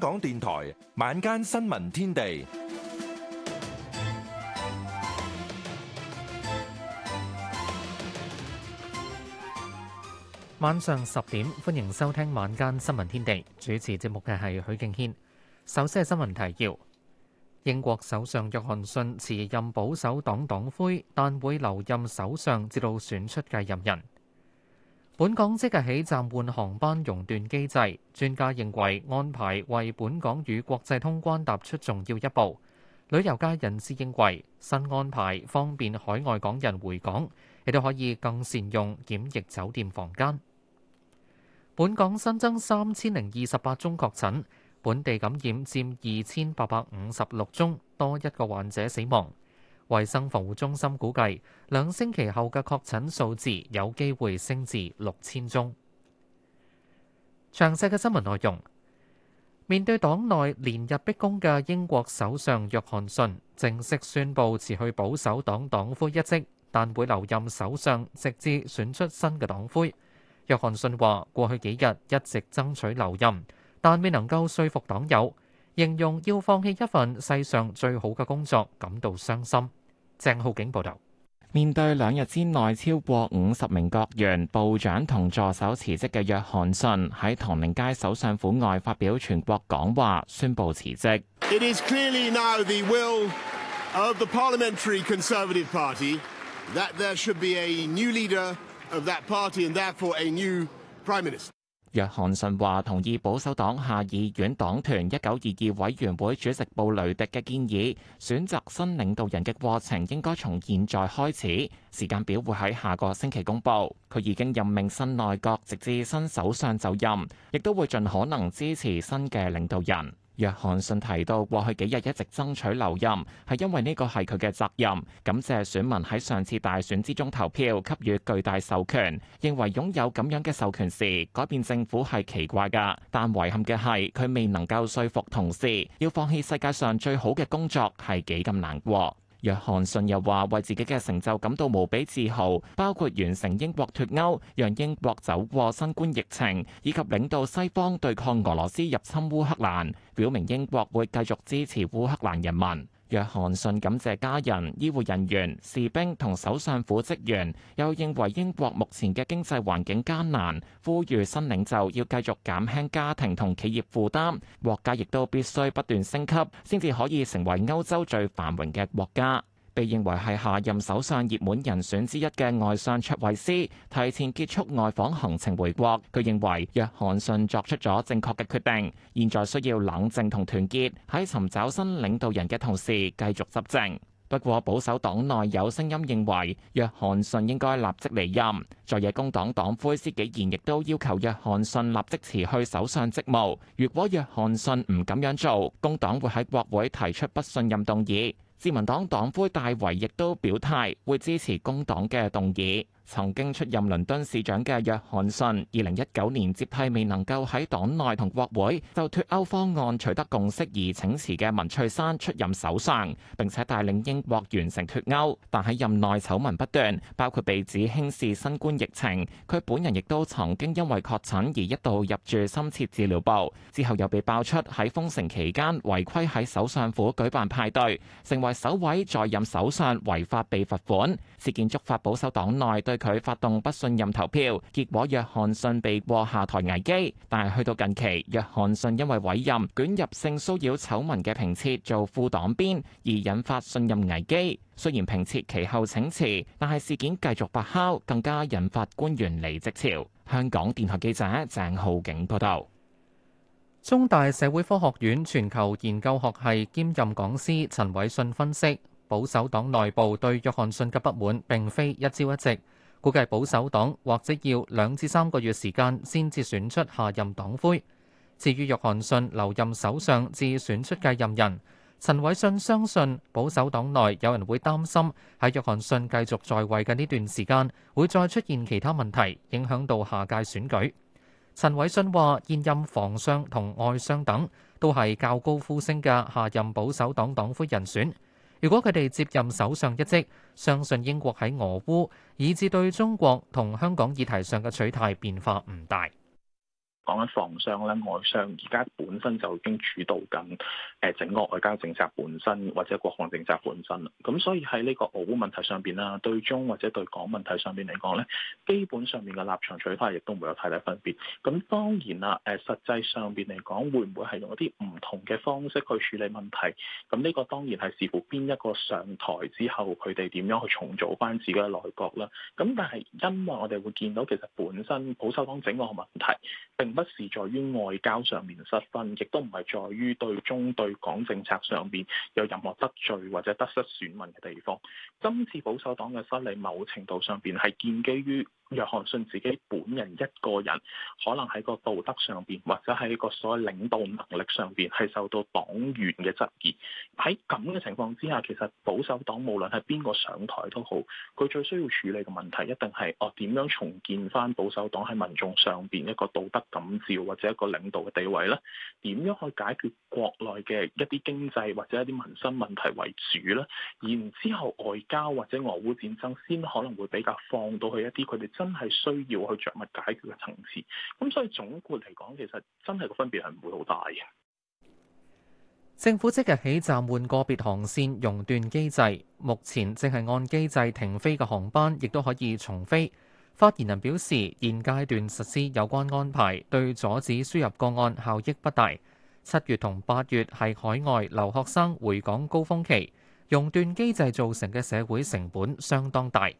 香港電台晚間新聞天地，晚上十點歡迎收聽晚間新聞天地，主持節目嘅係許敬軒。首先係新聞提要：英國首相約翰遜辭任保守黨黨魁，但會留任首相，至到選出繼任人。本港即日起暫緩航班熔斷機制，專家認為安排為本港與國際通關踏出重要一步。旅遊界人士認為新安排方便海外港人回港，亦都可以更善用檢疫酒店房間。本港新增三千零二十八宗確診，本地感染佔二千八百五十六宗，多一個患者死亡。衛生防護中心估計，兩星期後嘅確診數字有機會升至六千宗。詳細嘅新聞內容。面對黨內連日逼宮嘅英國首相約翰遜，正式宣布辭去保守黨黨魁一職，但會留任首相，直至選出新嘅黨魁。約翰遜話：過去幾日一直爭取留任，但未能夠說服黨友，形容要放棄一份世上最好嘅工作，感到傷心。鄭浩景報道：面對兩日之內超過五十名國員、部長同助手辭職嘅約翰遜，喺唐寧街首相府外發表全國講話，宣布辭職。約翰遜話同意，保守黨下議院黨團一九二二委員會主席布雷迪嘅建議，選擇新領導人嘅過程應該從現在開始，時間表會喺下個星期公佈。佢已經任命新內閣，直至新首相就任，亦都會盡可能支持新嘅領導人。約翰遜提到，過去幾日一直爭取留任，係因為呢個係佢嘅責任。感謝選民喺上次大選之中投票，給予巨大授權。認為擁有咁樣嘅授權時，改變政府係奇怪噶，但遺憾嘅係，佢未能夠說服同事要放棄世界上最好嘅工作，係幾咁難過。約翰遜又話，為自己嘅成就感到無比自豪，包括完成英國脫歐、讓英國走過新冠疫情，以及領導西方對抗俄羅斯入侵烏克蘭，表明英國會繼續支持烏克蘭人民。約翰遜感謝家人、醫護人員、士兵同首相府職員，又認為英國目前嘅經濟環境艱難，呼籲新領袖要繼續減輕家庭同企業負擔，國家亦都必須不斷升級，先至可以成為歐洲最繁榮嘅國家。被認為係下任首相熱門人選之一嘅外相卓慧思提前結束外訪行程回國。佢認為約翰遜作出咗正確嘅決定，現在需要冷靜同團結，喺尋找新領導人嘅同時繼續執政。不過保守黨內有聲音認為約翰遜應該立即離任，在野工黨黨魁施紀賢亦都要求約翰遜立即辭去首相職務。如果約翰遜唔咁樣做，工黨會喺國會提出不信任動議。自民黨黨魁戴維亦都表態會支持工黨嘅動議。曾經出任倫敦市長嘅約翰遜，二零一九年接替未能夠喺黨內同國會就脫歐方案取得共識而請辭嘅文翠山出任首相，並且帶領英國完成脫歐，但喺任內醜聞不斷，包括被指輕視新冠疫情，佢本人亦都曾經因為確診而一度入住深切治療部，之後又被爆出喺封城期間違規喺首相府舉辦派對，成為首位在任首相違法被罰款，事件觸發保守黨內對。佢發動不信任投票，結果約翰遜被過下台危機。但係去到近期，約翰遜因為委任捲入性騷擾醜聞嘅平撤做副黨鞭，而引發信任危機。雖然平撤其後請辭，但係事件繼續發酵，更加引發官員離職潮。香港電台記者鄭浩景報道。中大社會科學院全球研究學係兼任講師陳偉信分析，保守黨內部對約翰遜嘅不滿並非一朝一夕。估計保守黨或者要兩至三個月時間先至選出下任黨魁。至於約翰遜留任首相至選出繼任人，陳偉信相信保守黨內有人會擔心喺約翰遜繼續在位嘅呢段時間會再出現其他問題，影響到下屆選舉。陳偉信話，現任防相同外相等都係較高呼聲嘅下任保守黨黨魁人選。如果佢哋接任首相一職，相信英國喺俄烏以至對中國同香港議題上嘅取態變化唔大。講緊防商咧，外商而家本身就已經主導緊誒整個外交政策本身，或者國防政策本身。咁所以喺呢個俄烏問題上邊啦，對中或者對港問題上邊嚟講咧，基本上面嘅立場取態亦都唔會有太大分別。咁當然啦，誒實際上邊嚟講，會唔會係用一啲唔同嘅方式去處理問題？咁呢個當然係視乎邊一個上台之後，佢哋點樣去重組翻自己嘅內閣啦。咁但係因為我哋會見到，其實本身保守黨整個問題並不是在於外交上面失分，亦都唔係在於對中對港政策上邊有任何得罪或者得失選民嘅地方。今次保守黨嘅失利，某程度上邊係建基於。約翰遜自己本人一個人，可能喺個道德上邊，或者喺個所謂領導能力上邊，係受到黨員嘅質疑。喺咁嘅情況之下，其實保守黨無論係邊個上台都好，佢最需要處理嘅問題一定係，哦，點樣重建翻保守黨喺民眾上邊一個道德感召，或者一個領導嘅地位咧？點樣去解決國內嘅一啲經濟或者一啲民生問題為主咧？然之後外交或者俄烏戰爭先可能會比較放到去一啲佢哋。真係需要去着物解決嘅層次，咁所以總括嚟講，其實真係個分別係唔會好大嘅。政府即日起暫緩個別航線熔斷機制，目前正係按機制停飛嘅航班亦都可以重飛。發言人表示，現階段實施有關安排對阻止輸入個案效益不大。七月同八月係海外留學生回港高峰期，熔斷機制造成嘅社會成本相當大。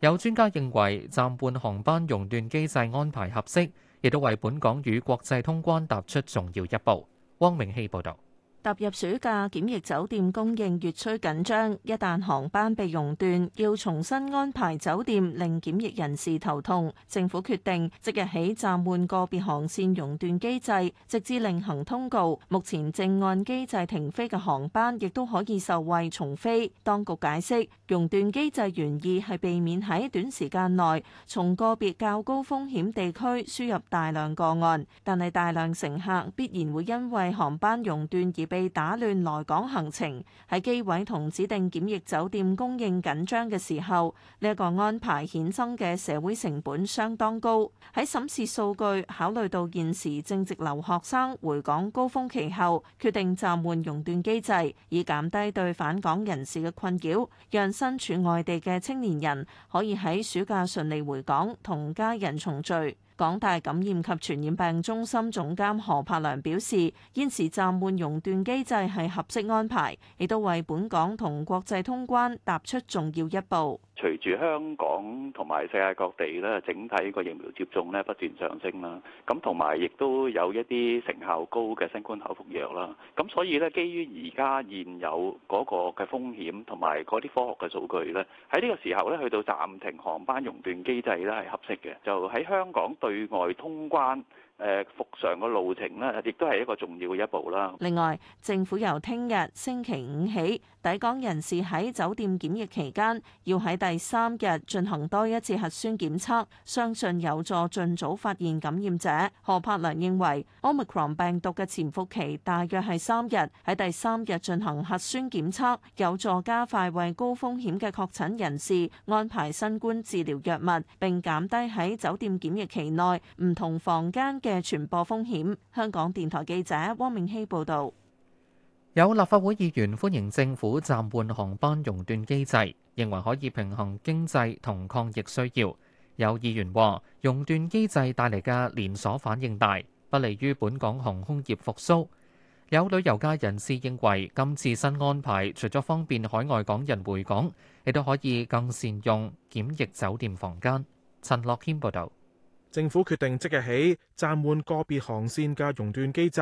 有專家認為，暫半航班熔斷機制安排合適，亦都為本港與國際通關踏出重要一步。汪明希報導。踏入暑假，檢疫酒店供應越趨緊張，一旦航班被熔斷，要重新安排酒店令檢疫人士頭痛。政府決定即日起暫緩個別航線熔斷機制，直至另行通告。目前正按機制停飛嘅航班亦都可以受惠重飛，當局解釋，熔斷機制原意係避免喺短時間內從個別較高風險地區輸入大量個案，但係大量乘客必然會因為航班熔斷而被打亂來港行程，喺機位同指定檢疫酒店供應緊張嘅時候，呢一個安排衍生嘅社會成本相當高。喺審視數據，考慮到現時正值留學生回港高峰期後，決定暫緩熔斷機制，以減低對返港人士嘅困擾，讓身處外地嘅青年人可以喺暑假順利回港同家人重聚。港大感染及傳染病中心總監何柏良表示，現時暫緩熔斷機制係合適安排，亦都為本港同國際通關踏出重要一步。隨住香港同埋世界各地咧，整體個疫苗接種咧不斷上升啦，咁同埋亦都有一啲成效高嘅新冠口服藥啦，咁所以咧，基於而家現有嗰個嘅風險同埋嗰啲科學嘅數據咧，喺呢個時候咧去到暫停航班熔斷機制咧係合適嘅，就喺香港對對外通關誒，復常嘅路程咧，亦都係一個重要嘅一步啦。另外，政府由聽日星期五起。抵港人士喺酒店檢疫期間要喺第三日進行多一次核酸檢測，相信有助盡早發現感染者。何柏良認為 Omicron 病毒嘅潛伏期大約係三日，喺第三日進行核酸檢測有助加快為高風險嘅確診人士安排新冠治療藥物，並減低喺酒店檢疫期內唔同房間嘅傳播風險。香港電台記者汪明希報道。有立法會議員歡迎政府暫緩航班熔斷機制，認為可以平衡經濟同抗疫需要。有議員話：熔斷機制帶嚟嘅連鎖反應大，不利於本港航空業復甦。有旅遊界人士認為，今次新安排除咗方便海外港人回港，亦都可以更善用檢疫酒店房間。陳樂軒報導，政府決定即日起暫緩個別航線嘅熔斷機制。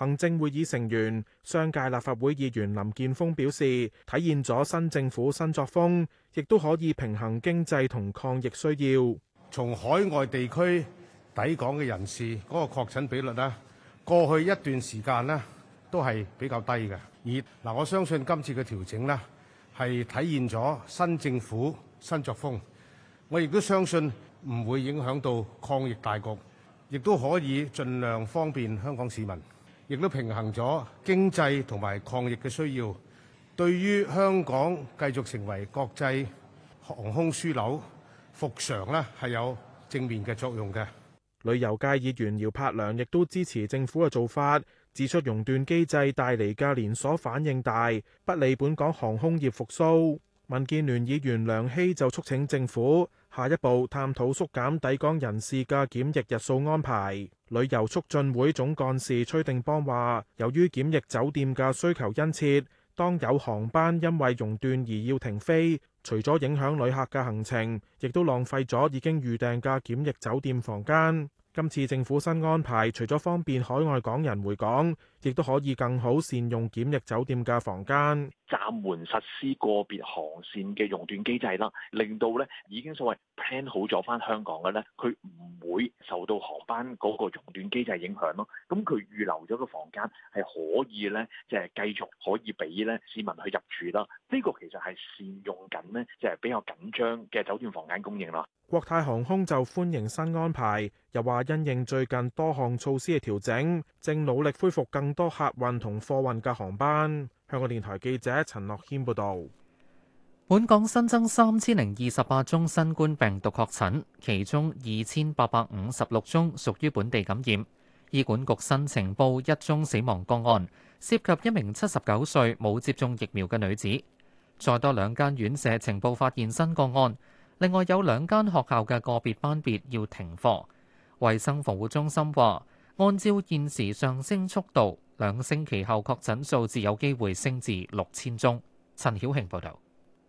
行政會議成員、商界立法會議員林健鋒表示，體現咗新政府新作風，亦都可以平衡經濟同抗疫需要。從海外地區抵港嘅人士嗰個確診比率呢，過去一段時間呢都係比較低嘅。而嗱，我相信今次嘅調整呢，係體現咗新政府新作風。我亦都相信唔會影響到抗疫大局，亦都可以盡量方便香港市民。亦都平衡咗經濟同埋抗疫嘅需要，對於香港繼續成為國際航空樞紐，復常呢係有正面嘅作用嘅。旅遊界議員姚柏良亦都支持政府嘅做法，指出熔斷機制帶嚟嘅連鎖反應大，不利本港航空業復甦。民建聯議員梁希就促請政府下一步探討縮減抵港人士嘅檢疫日數安排。旅遊促進會總幹事崔定邦話，由於檢疫酒店嘅需求殷切，當有航班因為熔斷而要停飛，除咗影響旅客嘅行程，亦都浪費咗已經預訂嘅檢疫酒店房間。今次政府新安排，除咗方便海外港人回港。亦都可以更好善用檢疫酒店嘅房間，暫緩實施個別航線嘅熔斷機制啦，令到咧已經所謂 plan 好咗翻香港嘅咧，佢唔會受到航班嗰個熔斷機制影響咯。咁佢預留咗個房間係可以咧，即係繼續可以俾咧市民去入住啦。呢個其實，係善用緊咧，即係比較緊張嘅酒店房間供應啦。國泰航空就歡迎新安排，又話因應最近多項措施嘅調整，正努力恢復更多客運同貨運嘅航班。香港電台記者陳樂軒報導，本港新增三千零二十八宗新冠病毒確診，其中二千八百五十六宗屬於本地感染。醫管局新呈報一宗死亡個案，涉及一名七十九歲冇接種疫苗嘅女子。再多兩間院舍呈報發現新個案，另外有兩間學校嘅個別班別要停課。衞生防護中心話。按照現時上升速度，兩星期後確診數字有機會升至六千宗。陳曉慶報導，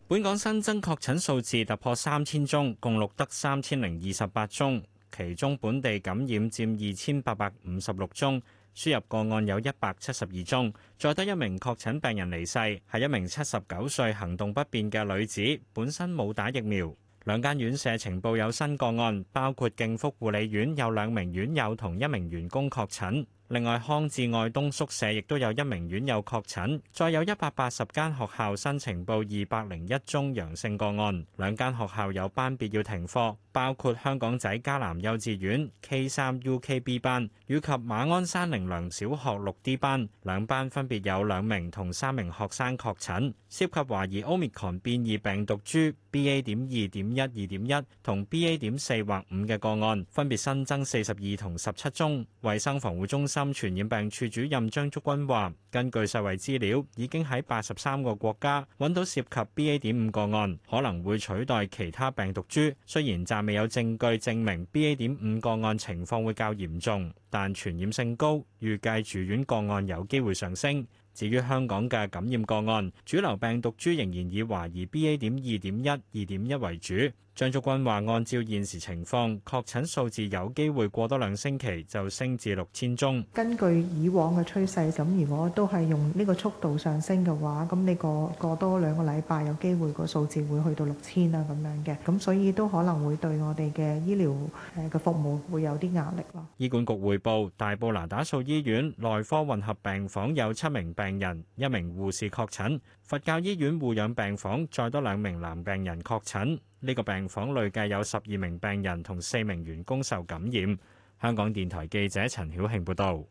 本港新增確診數字突破三千宗，共錄得三千零二十八宗，其中本地感染佔二千八百五十六宗，輸入個案有一百七十二宗。再得一名確診病人離世，係一名七十九歲行動不便嘅女子，本身冇打疫苗。兩間院舍情報有新個案，包括敬福護理院有兩名院友同一名員工確診。另外，匡智愛東宿舍亦都有一名院友確診，再有一百八十間學校新呈報二百零一宗陽性個案，兩間學校有班別要停課，包括香港仔迦南幼稚園 K 三 UKB 班以及馬鞍山靈糧小學六 D 班，兩班分別有兩名同三名學生確診，涉及懷疑 Omicron 變異病毒株 BA. 點二點一二點一同 BA. 點四或五嘅個案，分別新增四十二同十七宗。衛生防護中心。傳染病處主任張竹君話，根據世衛資料，已經喺八十三個國家揾到涉及 BA 點五個案，可能會取代其他病毒株。雖然暫未有證據證明 BA 點五個案情況會較嚴重，但傳染性高，預計住院個案有機會上升。至於香港嘅感染個案，主流病毒株仍然以懷疑 BA 點二點一、二點一為主。張竹君話，按照現時情況，確診數字有機會過多兩星期就升至六千宗。根據以往嘅趨勢，咁如果都係用呢個速度上升嘅話，咁你過過多兩個禮拜有機會個數字會去到六千啊咁樣嘅，咁所以都可能會對我哋嘅醫療誒嘅服務會有啲壓力咯。醫管局匯報，大埔那打素醫院內科混合病房有七名病人，一名護士確診；佛教醫院護養病房再多兩名男病人確診。呢個病房累計有十二名病人同四名員工受感染。香港電台記者陳曉慶報道。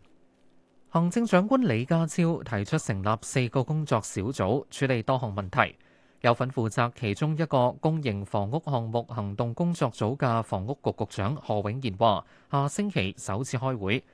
行政長官李家超提出成立四個工作小組處理多項問題，有份負責其中一個公營房屋項目行動工作組嘅房屋局局長何永賢話下星期首次開會，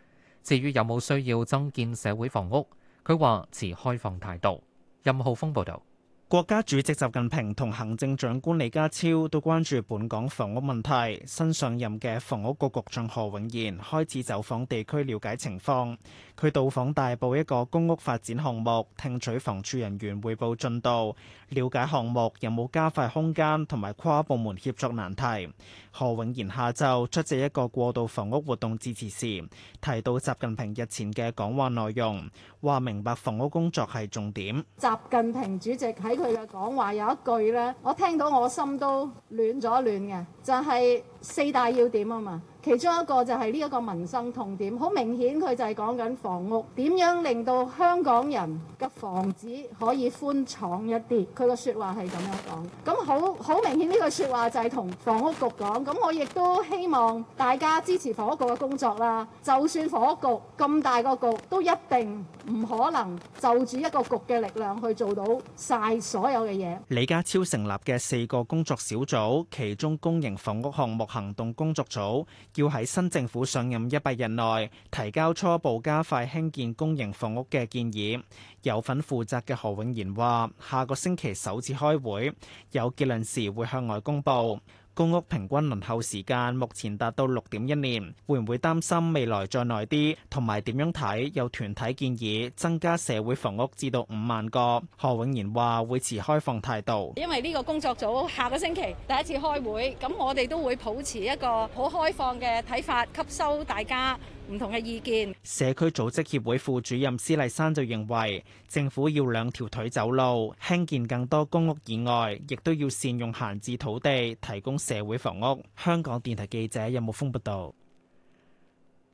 至於有冇需要增建社會房屋，佢話持開放態度。任浩峰報道。國家主席習近平同行政長官李家超都關注本港房屋問題。新上任嘅房屋局局長何永賢開始走訪地區了解情況。佢到訪大埔一個公屋發展項目，聽取房署人員匯報進度，了解項目有冇加快空間同埋跨部門協作難題。何永賢下晝出席一個過渡房屋活動致辭時，提到習近平日前嘅講話內容，話明白房屋工作係重點。習近平主席喺佢嘅講話有一句咧，我聽到我心都暖咗暖嘅，就係、是。四大要點啊嘛，其中一個就係呢一個民生痛點，好明顯佢就係講緊房屋點樣令到香港人嘅房子可以寬敞一啲，佢個説話係咁樣講。咁好好明顯呢句説話就係同房屋局講。咁我亦都希望大家支持房屋局嘅工作啦。就算房屋局咁大個局，都一定唔可能就住一個局嘅力量去做到曬所有嘅嘢。李家超成立嘅四個工作小組，其中公營房屋項目。行動工作組要喺新政府上任一百日內提交初步加快興建公營房屋嘅建議。有份負責嘅何永賢話，下個星期首次開會，有結論時會向外公佈。公屋平均輪候時間目前達到六點一年，會唔會擔心未來再耐啲？同埋點樣睇？有團體建議增加社會房屋至到五萬個。何永賢話會持開放態度，因為呢個工作組下個星期第一次開會，咁我哋都會抱持一個好開放嘅睇法，吸收大家唔同嘅意見。社區組織協會副主任施麗珊就認為，政府要兩條腿走路，興建更多公屋以外，亦都要善用閒置土地，提供社會房屋。香港電台記者任木峯報道。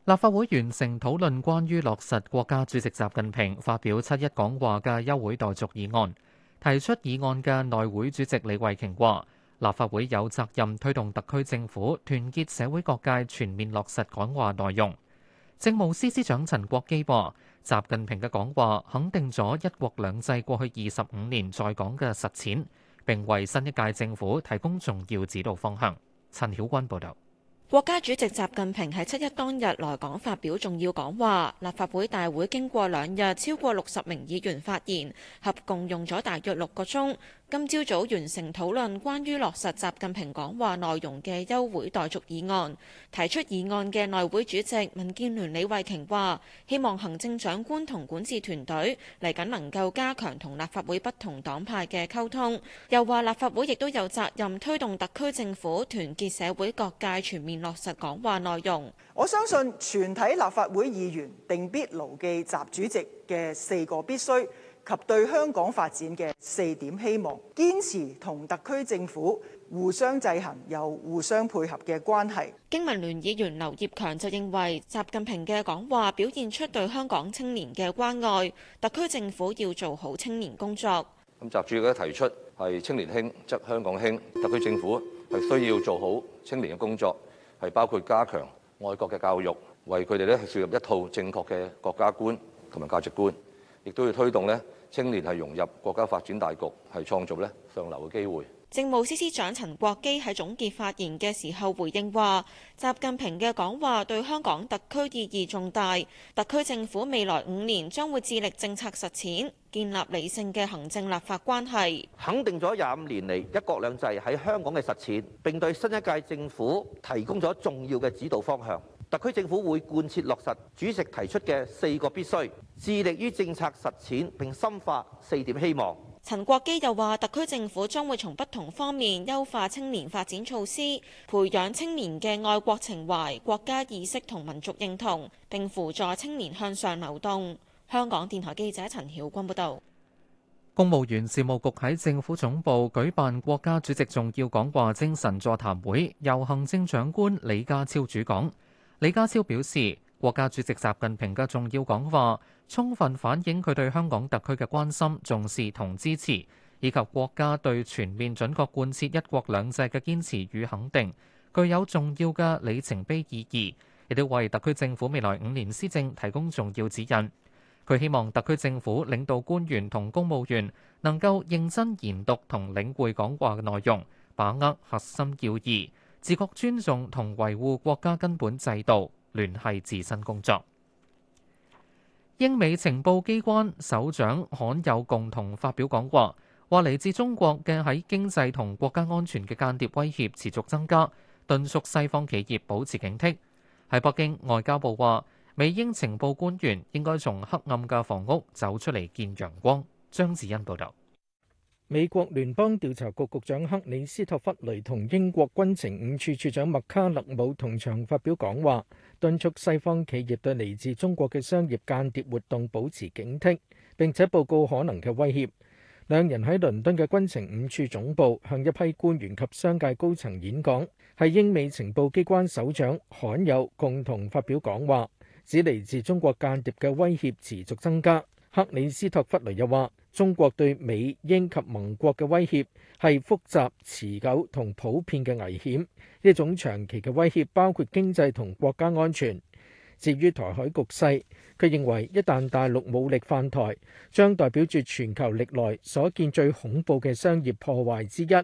立法會完成討論關於落實國家主席習近平發表七一講話嘅休會待續議案。提出議案嘅內會主席李慧瓊話，立法會有責任推動特區政府團結社會各界，全面落實講話內容。政務司司長陳國基話，習近平嘅講話肯定咗一國兩制過去二十五年在港嘅實踐，並為新一屆政府提供重要指導方向。陳曉君報道。國家主席習近平喺七一當日來港發表重要講話。立法會大會經過兩日，超過六十名議員發言，合共用咗大約六個鐘。今朝早完成討論關於落實習近平講話內容嘅休會待續議案，提出議案嘅內會主席民建聯李慧瓊話：希望行政長官同管治團隊嚟緊能夠加強同立法會不同黨派嘅溝通，又話立法會亦都有責任推動特區政府團結社會各界全面落實講話內容。我相信全體立法會議員定必牢記習主席嘅四個必須。及對香港發展嘅四點希望，堅持同特區政府互相制衡又互相配合嘅關係。經民聯議員劉業強就認為，習近平嘅講話表現出對香港青年嘅關愛，特區政府要做好青年工作。咁 習主席提出係青年興則香港興，特區政府係需要做好青年嘅工作，係包括加強愛國嘅教育，為佢哋咧樹立一套正確嘅國家觀同埋價值觀，亦都要推動呢。青年係融入國家發展大局，係創造咧上流嘅機會。政務司司長陳國基喺總結發言嘅時候回應話：習近平嘅講話對香港特區意義重大，特區政府未來五年將會致力政策實踐，建立理性嘅行政立法關係。肯定咗廿五年嚟一國兩制喺香港嘅實踐，並對新一屆政府提供咗重要嘅指導方向。特區政府會貫徹落實主席提出嘅四個必須，致力於政策實踐，並深化四點希望。陳國基又話，特區政府將會從不同方面優化青年發展措施，培養青年嘅愛國情懷、國家意識同民族認同，並輔助青年向上流動。香港電台記者陳曉君報導。公務員事務局喺政府總部舉辦國家主席重要講話精神座談會，由行政長官李家超主講。李家超表示，國家主席習近平嘅重要講話，充分反映佢對香港特區嘅關心、重視同支持，以及國家對全面準確貫徹一國兩制嘅堅持與肯定，具有重要嘅里程碑意義，亦都為特區政府未來五年施政提供重要指引。佢希望特區政府領導官員同公務員能夠認真研讀同領會講話嘅內容，把握核心要義。自覺尊重同維護國家根本制度，聯繫自身工作。英美情報機關首長罕有共同發表講話，話嚟自中國嘅喺經濟同國家安全嘅間諜威脅持續增加，敦促西方企業保持警惕。喺北京，外交部話，美英情報官員應該從黑暗嘅房屋走出嚟見陽光。張子欣報道。美國聯邦調查局局長克里斯托弗雷同英國軍情五處處長麥卡勒姆同場發表講話，敦促西方企業對嚟自中國嘅商業間諜活動保持警惕，並且報告可能嘅威脅。兩人喺倫敦嘅軍情五處總部向一批官員及商界高層演講，係英美情報機關首長罕有共同發表講話。講話，指嚟自中國間諜嘅威脅持續增加。克里斯托弗雷又話：中國對美英及盟國嘅威脅係複雜、持久同普遍嘅危險。呢一種長期嘅威脅包括經濟同國家安全。至於台海局勢，佢認為一旦大陸武力犯台，將代表住全球歷來所見最恐怖嘅商業破壞之一。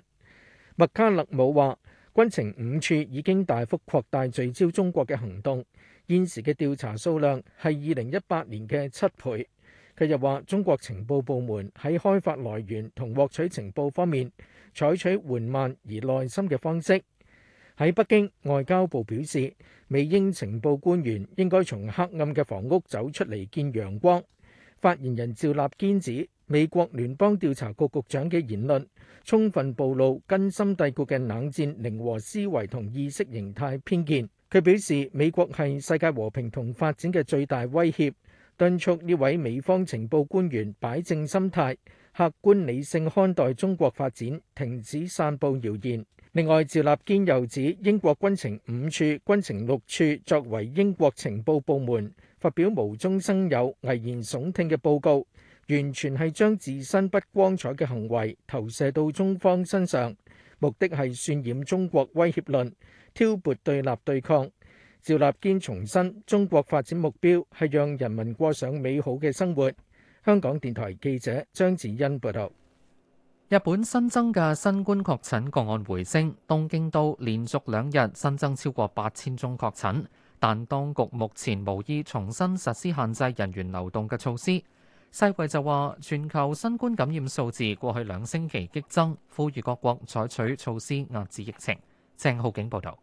麥卡勒姆話：軍情五處已經大幅擴大聚焦中國嘅行動，現時嘅調查數量係二零一八年嘅七倍。佢又話：中國情報部門喺開發來源同獲取情報方面，採取緩慢而耐心嘅方式。喺北京，外交部表示，美英情報官員應該從黑暗嘅房屋走出嚟見陽光。發言人趙立堅指，美國聯邦調查局局長嘅言論，充分暴露根深蒂固嘅冷戰零和思維同意識形態偏見。佢表示，美國係世界和平同發展嘅最大威脅。敦促呢位美方情報官員擺正心態，客觀理性看待中國發展，停止散布謠言。另外，趙立堅又指英國軍情五處、軍情六處作為英國情報部門發表無中生有、危言聳聽嘅報告，完全係將自身不光彩嘅行為投射到中方身上，目的係渲染中國威脅論，挑撥對立對抗。趙立堅重申，中國發展目標係讓人民過上美好嘅生活。香港電台記者張志欣報道。日本新增嘅新冠確診個案回升，東京都連續兩日新增超過八千宗確診，但當局目前無意重新實施限制人員流動嘅措施。世衛就話，全球新冠感染數字過去兩星期激增，呼籲各國採取措施壓制疫情。鄭浩景報道。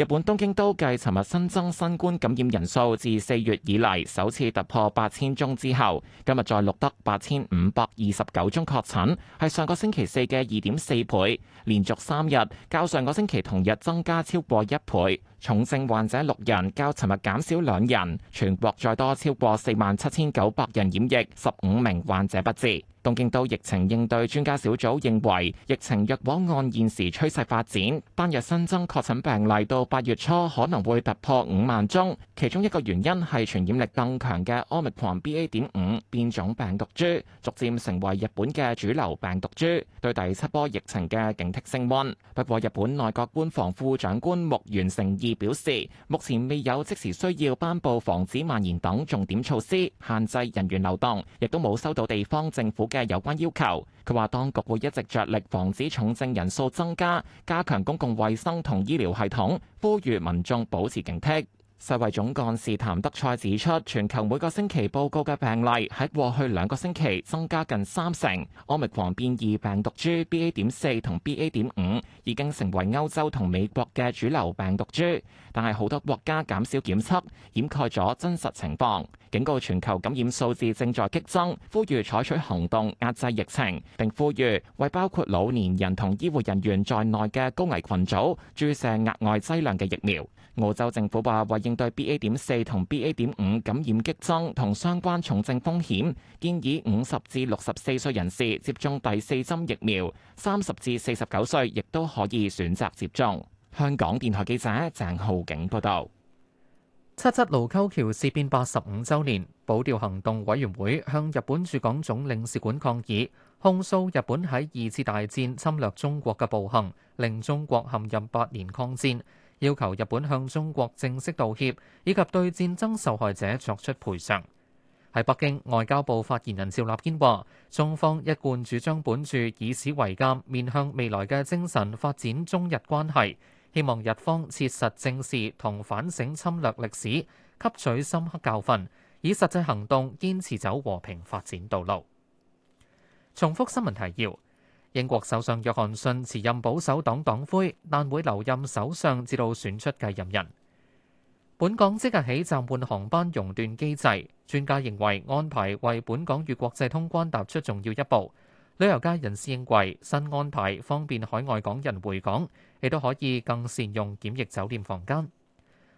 日本東京都繼尋日新增新冠感染人數自四月以嚟首次突破八千宗之後，今日再錄得八千五百二十九宗確診，係上個星期四嘅二點四倍，連續三日較上個星期同日增加超過一倍。重症患者六人，較尋日減少兩人。全國再多超過四萬七千九百人染疫，十五名患者不治。東京都疫情應對專家小組認為，疫情若果按現時趨勢發展，單日新增確診病例到八月初可能會突破五萬宗。其中一個原因係傳染力更強嘅 Omicron BA. 點五變種病毒株，逐漸成為日本嘅主流病毒株。對第七波疫情嘅警惕升溫。不過，日本內閣官房副長官木原誠二表示，目前未有即時需要頒布防止蔓延等重點措施，限制人員流動，亦都冇收到地方政府嘅有關要求。佢話，當局會一直着力防止重症人數增加，加強公共衛生同醫療系統，呼籲民眾保持警惕。世衛總幹事譚德賽指出，全球每個星期報告嘅病例喺過去兩個星期增加近三成。奧密克戎變異病毒株 BA. 點四同 BA. 點五已經成為歐洲同美國嘅主流病毒株。但係好多國家減少檢測，掩蓋咗真實情況，警告全球感染數字正在激增，呼籲採取行動壓制疫情，並呼籲為包括老年人同醫護人員在內嘅高危群組注射額外劑量嘅疫苗。澳洲政府話，為應對 BA.4 同 BA.5 感染激增同相關重症風險，建議五十至六十四歲人士接種第四針疫苗，三十至四十九歲亦都可以選擇接種。香港電台記者鄭浩景報道：七七盧溝橋事變八十五周年，保釣行動委員會向日本駐港總領事館抗議，控訴日本喺二次大戰侵略中國嘅暴行，令中國陷入八年抗戰，要求日本向中國正式道歉，以及對戰爭受害者作出賠償。喺北京，外交部發言人趙立堅話：中方一貫主張本住以史為鑑，面向未來嘅精神，發展中日關係。希望日方切實正視同反省侵略歷史，吸取深刻教訓，以實際行動堅持走和平發展道路。重複新聞提要：英國首相約翰遜辭任保守黨黨魁，但會留任首相至到選出繼任人。本港即日起暫緩航班熔斷機制，專家認為安排為本港與國際通關踏出重要一步。旅遊界人士認為，新安排方便海外港人回港，亦都可以更善用檢疫酒店房間。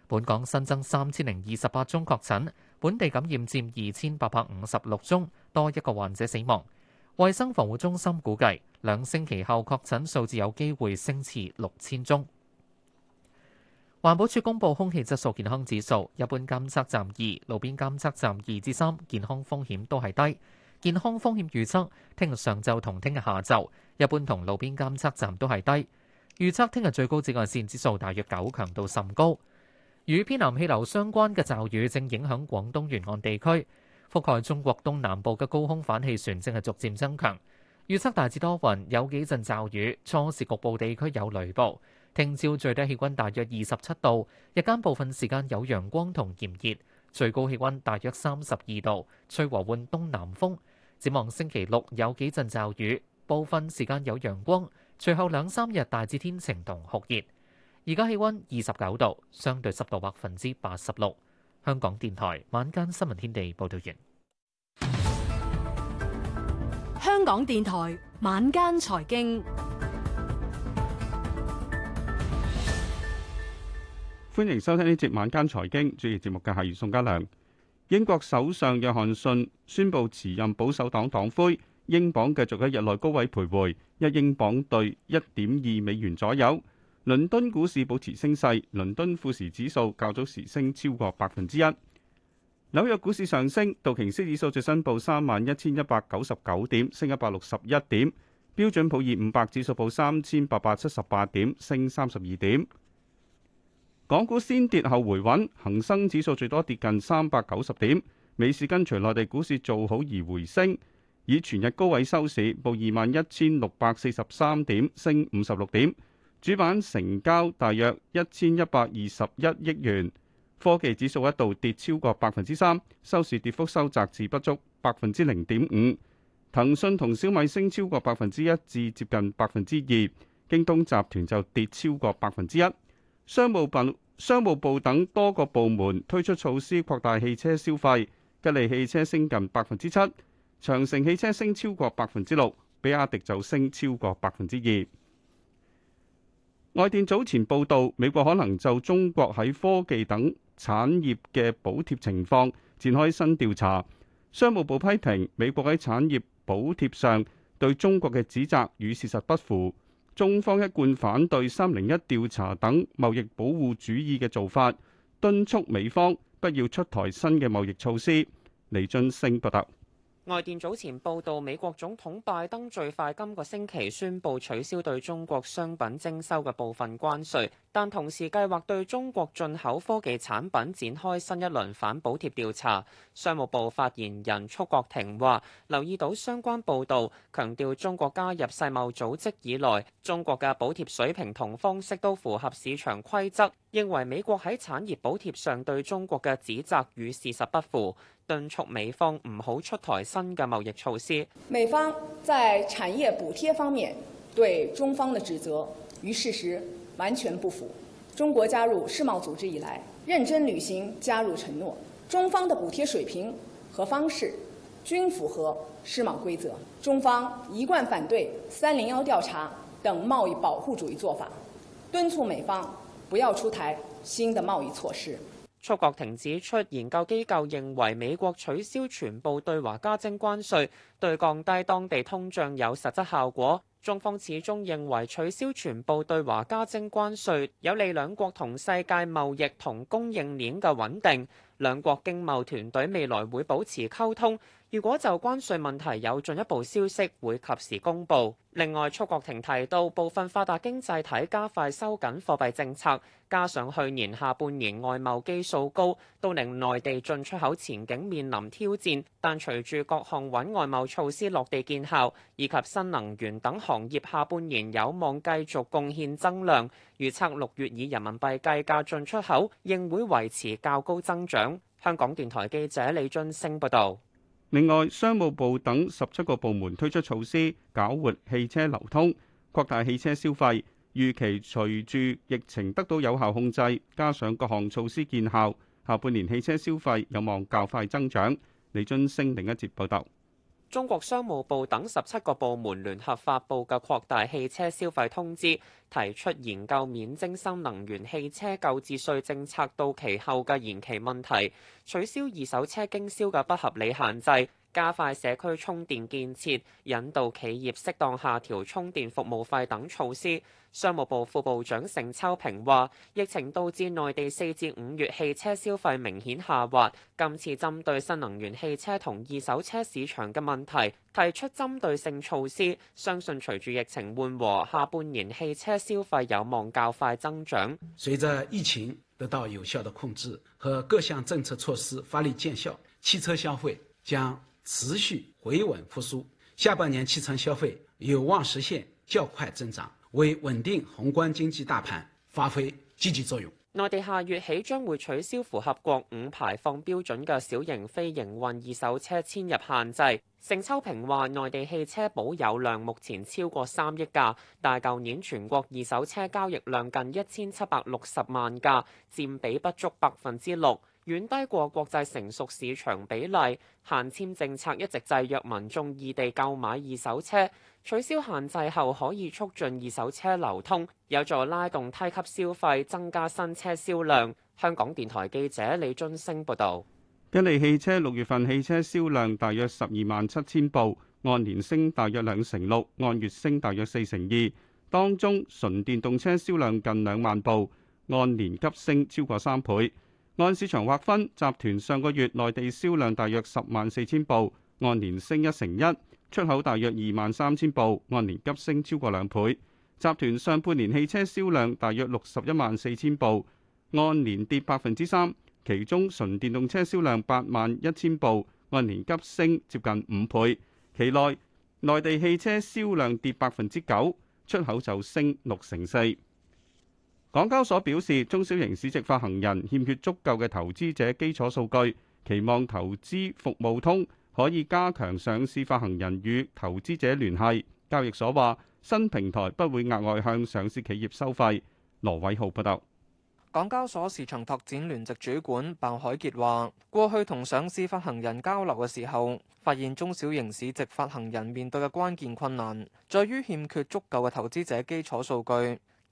本港新增三千零二十八宗確診，本地感染佔二千八百五十六宗，多一個患者死亡。衛生防護中心估計，兩星期後確診數字有機會升至六千宗。環保署公布空氣質素健康指數，一般監測站二，路邊監測站二至三，健康風險都係低。健康風險預測：聽日上晝同聽日下晝，一般同路邊監測站都係低。預測聽日最高紫外線指數大約九，強度甚高。與偏南氣流相關嘅驟雨正影響廣東沿岸地區，覆蓋中國東南部嘅高空反氣旋正係逐漸增強。預測大致多雲，有幾陣驟雨，初時局部地區有雷暴。聽朝最低氣温大約二十七度，日間部分時間有陽光同炎熱，最高氣温大約三十二度，吹和緩東南風。展望星期六有幾陣驟雨，部分時間有陽光，隨後兩三日大致天晴同酷熱。而家氣溫二十九度，相對濕度百分之八十六。香港電台晚間新聞天地報道完。香港電台晚間財經，歡迎收聽呢節晚間財經，主持節目嘅係宋家良。英國首相約翰遜宣布辭任保守黨黨魁，英鎊繼續喺日內高位徘徊，一英鎊兌一點二美元左右。倫敦股市保持升勢，倫敦富時指數較早時升超過百分之一。紐約股市上升，道瓊斯指數最新報三萬一千一百九十九點，升一百六十一點；標準普爾五百指數報三千八百七十八點，升三十二點。港股先跌後回穩，恒生指數最多跌近三百九十點，美市跟隨內地股市做好而回升，以全日高位收市，報二萬一千六百四十三點，升五十六點，主板成交大約一千一百二十一億元。科技指數一度跌超過百分之三，收市跌幅收窄至不足百分之零點五。騰訊同小米升超過百分之一至接近百分之二，京東集團就跌超過百分之一。商務部、商務部等多個部門推出措施擴大汽車消費，吉利汽車升近百分之七，長城汽車升超過百分之六，比亞迪就升超過百分之二。外電早前報道，美國可能就中國喺科技等產業嘅補貼情況展開新調查。商務部批評美國喺產業補貼上對中國嘅指責與事實不符。中方一貫反對三零一調查等貿易保護主義嘅做法，敦促美方不要出台新嘅貿易措施。李津升報道。外電早前報道，美國總統拜登最快今個星期宣布取消對中國商品徵收嘅部分關稅，但同時計劃對中國進口科技產品展開新一輪反補貼調查。商務部發言人束珏婷話：留意到相關報道，強調中國加入世貿組織以來，中國嘅補貼水平同方式都符合市場規則，認為美國喺產業補貼上對中國嘅指責與事實不符。敦促美方唔好出台新嘅貿易措施。美方在產業補貼方面對中方的指責與事實完全不符。中國加入世貿組織以來，認真履行加入承諾，中方的補貼水平和方式均符合世貿規則。中方一貫反對三零一調查等貿易保護主義做法，敦促美方不要出台新的貿易措施。束國庭指出，研究機構認為美國取消全部對華加徵關稅，對降低當地通脹有實質效果。中方始終認為取消全部對華加徵關稅有利兩國同世界貿易同供應鏈嘅穩定。兩國經貿團隊未來會保持溝通。如果就關稅問題有進一步消息，會及時公佈。另外，束珏婷提到，部分發達經濟體加快收緊貨幣政策，加上去年下半年外貿基數高，都令內地進出口前景面臨挑戰。但隨住各項穩外貿措施落地見效，以及新能源等行業下半年有望繼續貢獻增量，預測六月以人民幣計價進出口仍會維持較高增長。香港電台記者李津星報導。另外，商務部等十七個部門推出措施，搞活汽車流通，擴大汽車消費。預期隨住疫情得到有效控制，加上各項措施見效，下半年汽車消費有望較快增長。李津升另一節報道。中國商務部等十七個部門聯合發布嘅擴大汽車消費通知，提出研究免徵新能源汽車購置稅政策到期後嘅延期問題，取消二手車經銷嘅不合理限制。加快社區充電建設、引導企業適當下調充電服務費等措施，商務部副部長盛秋平話：疫情導致內地四至五月汽車消費明顯下滑，今次針對新能源汽車同二手車市場嘅問題，提出針對性措施，相信隨住疫情緩和，下半年汽車消費有望較快增長。隨着疫情得到有效的控制和各項政策措施發力見效，汽車消費將持續回穩復蘇，下半年汽車消費有望實現較快增長，為穩定宏觀經濟大盤發揮積極作用。內地下月起將會取消符合國五排放標準嘅小型非營運二手車遷入限制。盛秋平話：內地汽車保有量目前超過三億架，但舊年全國二手車交易量近一千七百六十萬架，佔比不足百分之六。遠低過國際成熟市場比例，限遷政策一直制約民眾異地購買二手車。取消限制後，可以促進二手車流通，有助拉動梯級消費，增加新車銷量。香港電台記者李津星報道：吉利汽車六月份汽車銷量大約十二萬七千部，按年升大約兩成六，按月升大約四成二。當中純電動車銷量近兩萬部，按年急升超過三倍。按市場劃分，集團上個月內地銷量大約十萬四千部，按年升一成一；出口大約二萬三千部，按年急升超過兩倍。集團上半年汽車銷量大約六十一萬四千部，按年跌百分之三，其中純電動車銷量八萬一千部，按年急升接近五倍。期內，內地汽車銷量跌百分之九，出口就升六成四。港交所表示，中小型市值發行人欠缺足夠嘅投資者基礎數據，期望投資服務通可以加強上市發行人與投資者聯繫。交易所話，新平台不會額外向上市企業收費。羅偉浩報道。港交所市場拓展聯席主管鮑海傑話，過去同上市發行人交流嘅時候，發現中小型市值發行人面對嘅關鍵困難，在於欠缺足夠嘅投資者基礎數據。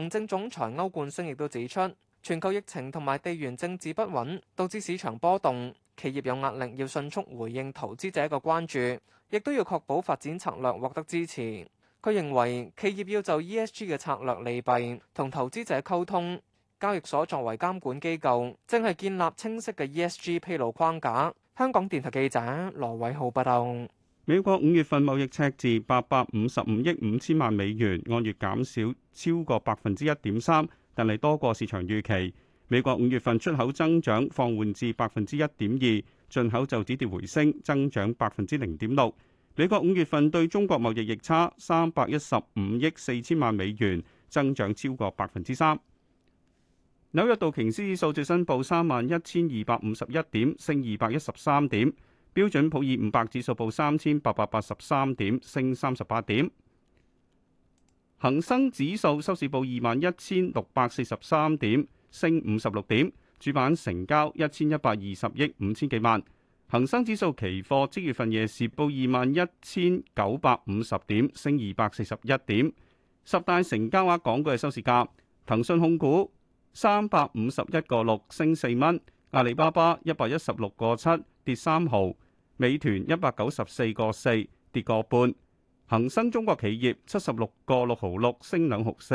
行政總裁歐冠昇亦都指出，全球疫情同埋地緣政治不穩導致市場波動，企業有壓力要迅速回應投資者嘅關注，亦都要確保發展策略獲得支持。佢認為企業要就 E S G 嘅策略利弊同投資者溝通，交易所作為監管機構正係建立清晰嘅 E S G 披露框架。香港電台記者羅偉浩報道。美國五月份貿易赤字八百五十五億五千萬美元，按月減少超過百分之一點三，但係多過市場預期。美國五月份出口增長放緩至百分之一點二，進口就止跌回升，增長百分之零點六。美國五月份對中國貿易逆差三百一十五億四千萬美元，增長超過百分之三。紐約道瓊斯指數升報三萬一千二百五十一點，升二百一十三點。標準普爾五百指數報三千八百八十三點，升三十八點。恒生指數收市報二萬一千六百四十三點，升五十六點。主板成交一千一百二十億五千幾萬。恒生指數期貨即月份夜市報二萬一千九百五十點，升二百四十一點。十大成交額講嘅收市價，騰訊控股三百五十一個六升四蚊，阿里巴巴一百一十六個七，三毫，美團一百九十四個四跌個半，恒生中國企業七十六個六毫六升兩毫四，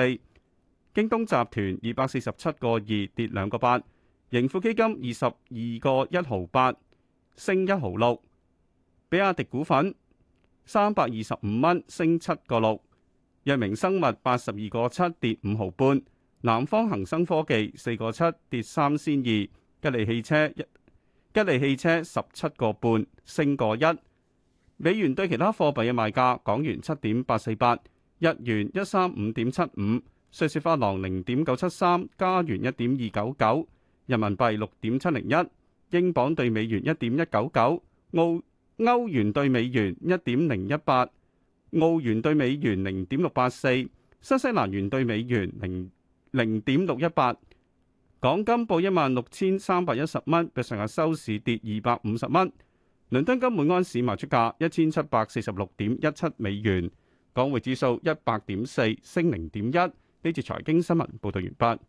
京東集團二百四十七個二跌兩個八，盈富基金二十二個一毫八升一毫六，比亞迪股份三百二十五蚊升七個六，藥明生物八十二個七跌五毫半，南方恒生科技四個七跌三先二，吉利汽車一。吉利汽車十七個半升過一，美元對其他貨幣嘅賣價：港元七點八四八，日元一三五點七五，瑞士法郎零點九七三，加元一點二九九，人民幣六點七零一，英鎊對美元一點一九九，澳歐元對美元一點零一八，澳元對美元零點六八四，新西蘭元對美元零零點六一八。港金報一萬六千三百一十蚊，比上日收市跌二百五十蚊。倫敦金每安士賣出價一千七百四十六點一七美元。港匯指數一百點四升零點一。呢次財經新聞報道完畢。